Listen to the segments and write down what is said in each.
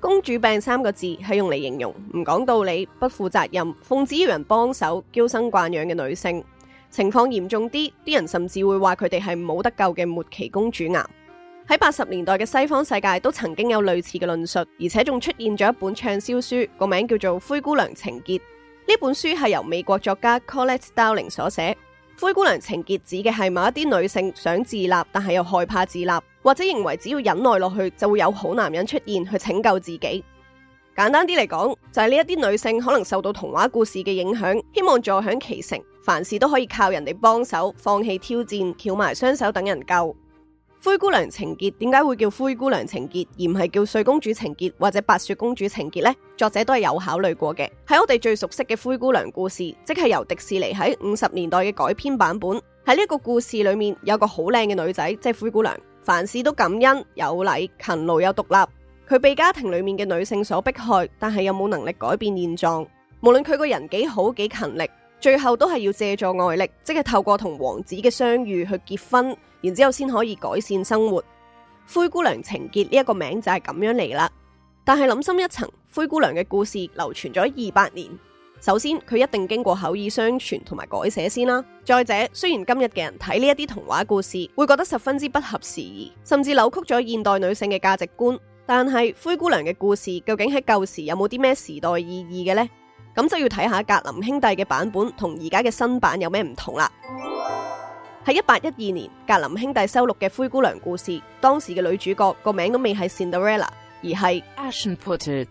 公主病三個字係用嚟形容唔講道理、不負責任、奉旨要人幫手、嬌生慣養嘅女性。情況嚴重啲，啲人甚至會話佢哋係冇得救嘅末期公主癌。喺八十年代嘅西方世界都曾經有類似嘅論述，而且仲出現咗一本暢銷書，個名叫做《灰姑娘情結》。呢本書係由美國作家 Colette Dowling 所寫。灰姑娘情結指嘅係某一啲女性想自立，但係又害怕自立，或者認為只要忍耐落去，就會有好男人出現去拯救自己。簡單啲嚟講，就係呢一啲女性可能受到童話故事嘅影響，希望坐享其成，凡事都可以靠人哋幫手，放棄挑戰，翹埋雙手等人救。灰姑娘情結點解會叫灰姑娘情結，而唔係叫睡公主情結或者白雪公主情結呢？作者都係有考慮過嘅。喺我哋最熟悉嘅灰姑娘故事，即係由迪士尼喺五十年代嘅改編版本。喺呢個故事裏面有個好靚嘅女仔，即係灰姑娘，凡事都感恩有禮，勤勞又獨立。佢被家庭裏面嘅女性所迫害，但係又冇能力改變現狀。無論佢個人幾好幾勤力，最後都係要借助外力，即係透過同王子嘅相遇去結婚。然之後先可以改善生活，《灰姑娘》情結呢一個名就係咁樣嚟啦。但係諗深一層，《灰姑娘》嘅故事流傳咗二百年。首先，佢一定經過口耳相傳同埋改寫先啦。再者，雖然今日嘅人睇呢一啲童話故事會覺得十分之不合時宜，甚至扭曲咗現代女性嘅價值觀，但係《灰姑娘》嘅故事究竟喺舊時有冇啲咩時代意義嘅呢？咁就要睇下格林兄弟嘅版本同而家嘅新版有咩唔同啦。喺一八一二年，格林兄弟收錄嘅《灰姑娘》故事，當時嘅女主角個名都未係 Cinderella，而係 Aschenputtel，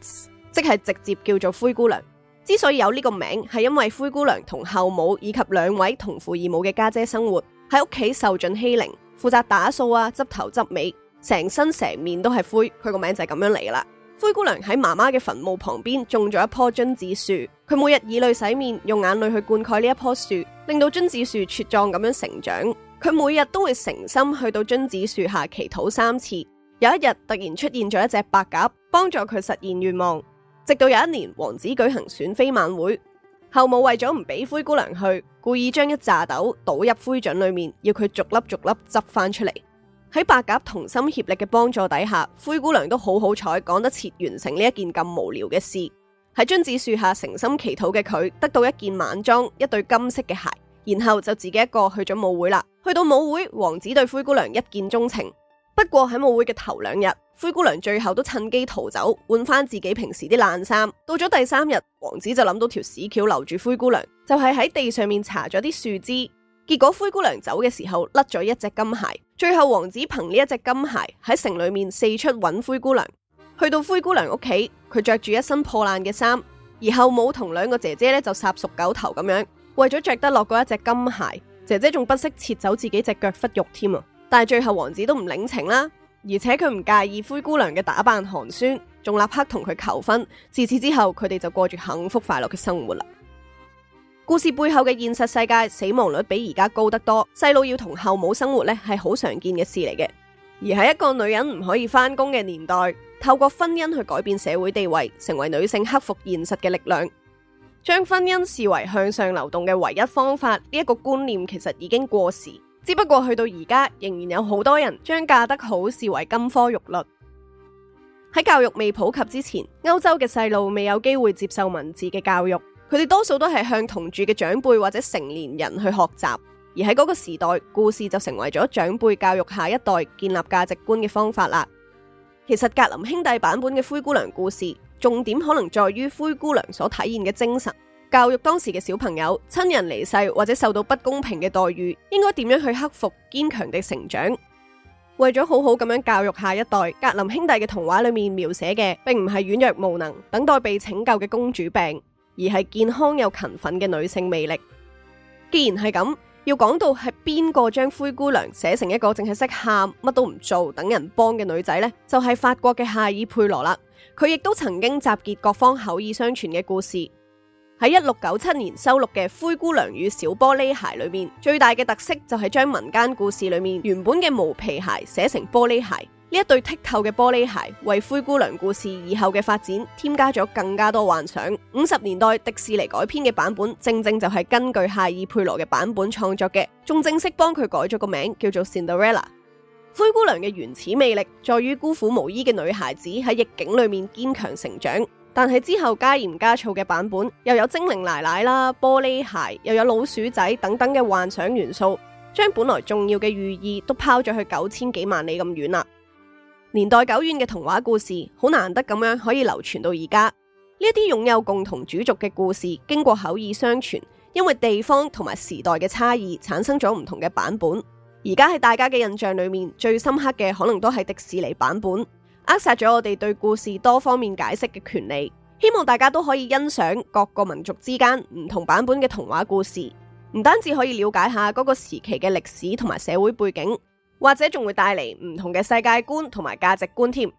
即係直接叫做灰姑娘。之所以有呢個名，係因為灰姑娘同後母以及兩位同父異母嘅家姐生活喺屋企，受盡欺凌，負責打掃啊、執頭執尾，成身成面都係灰，佢個名就係咁樣嚟啦。灰姑娘喺媽媽嘅墳墓旁邊種咗一棵榛子樹，佢每日以淚洗面，用眼淚去灌溉呢一棵樹，令到榛子樹茁壯咁樣成長。佢每日都會誠心去到榛子樹下祈禱三次。有一日突然出現咗一隻白鴿，幫助佢實現願望。直到有一年王子舉行選妃晚會，後母為咗唔俾灰姑娘去，故意將一炸豆倒入灰燼裏面，要佢逐粒逐粒執翻出嚟。喺白鴿同心協力嘅幫助底下，灰姑娘都好好彩，講得切完成呢一件咁無聊嘅事。喺榛子樹下誠心祈禱嘅佢，得到一件晚裝、一對金色嘅鞋，然後就自己一個去咗舞會啦。去到舞會，王子對灰姑娘一見鍾情。不過喺舞會嘅頭兩日，灰姑娘最後都趁機逃走，換翻自己平時啲爛衫。到咗第三日，王子就諗到條屎橋留住灰姑娘，就係喺地上面搽咗啲樹枝。結果灰姑娘走嘅時候甩咗一隻金鞋，最後王子憑呢一隻金鞋喺城裏面四出揾灰姑娘。去到灰姑娘屋企，佢着住一身破爛嘅衫，而後母同兩個姐姐咧就殺熟狗頭咁樣，為咗着得落嗰一隻金鞋，姐姐仲不惜切走自己隻腳忽肉添啊！但係最後王子都唔領情啦，而且佢唔介意灰姑娘嘅打扮寒酸，仲立刻同佢求婚。自此之後，佢哋就過住幸福快樂嘅生活啦。故事背後嘅現實世界死亡率比而家高得多，細路要同後母生活咧係好常見嘅事嚟嘅。而喺一個女人唔可以翻工嘅年代，透過婚姻去改變社會地位，成為女性克服現實嘅力量，將婚姻視為向上流動嘅唯一方法呢一個觀念其實已經過時。只不過去到而家，仍然有好多人將嫁得好視為金科玉律。喺教育未普及之前，歐洲嘅細路未有機會接受文字嘅教育。佢哋多數都係向同住嘅長輩或者成年人去學習，而喺嗰個時代，故事就成為咗長輩教育下一代建立價值觀嘅方法啦。其實格林兄弟版本嘅《灰姑娘》故事重點可能在於灰姑娘所體現嘅精神，教育當時嘅小朋友，親人離世或者受到不公平嘅待遇，應該點樣去克服堅強地成長。為咗好好咁樣教育下一代，格林兄弟嘅童話裏面描寫嘅，並唔係軟弱無能，等待被拯救嘅公主病。而係健康又勤奮嘅女性魅力。既然係咁，要講到係邊個將灰姑娘寫成一個淨係識喊，乜都唔做，等人幫嘅女仔呢？就係法國嘅夏爾佩羅啦。佢亦都曾經集結各方口耳相傳嘅故事，喺一六九七年收錄嘅《灰姑娘與小玻璃鞋》裡面，最大嘅特色就係將民間故事裡面原本嘅毛皮鞋寫成玻璃鞋。呢一對剔透嘅玻璃鞋，為灰姑娘故事以後嘅發展添加咗更加多幻想。五十年代迪士尼改編嘅版本，正正就係根據夏爾佩羅嘅版本創作嘅，仲正式幫佢改咗個名叫做《Cinderella》。灰姑娘嘅原始魅力在於孤苦無依嘅女孩子喺逆境裏面堅強成長，但係之後加鹽加醋嘅版本，又有精靈奶奶啦、玻璃鞋，又有老鼠仔等等嘅幻想元素，將本來重要嘅寓意都拋咗去九千幾萬里咁遠啦。年代久遠嘅童話故事，好難得咁樣可以流傳到而家。呢啲擁有共同主軸嘅故事，經過口耳相傳，因為地方同埋時代嘅差異，產生咗唔同嘅版本。而家喺大家嘅印象裏面，最深刻嘅可能都係迪士尼版本，扼殺咗我哋對故事多方面解釋嘅權利。希望大家都可以欣賞各個民族之間唔同版本嘅童話故事，唔單止可以了解下嗰個時期嘅歷史同埋社會背景。或者仲會帶嚟唔同嘅世界觀同埋價值觀添。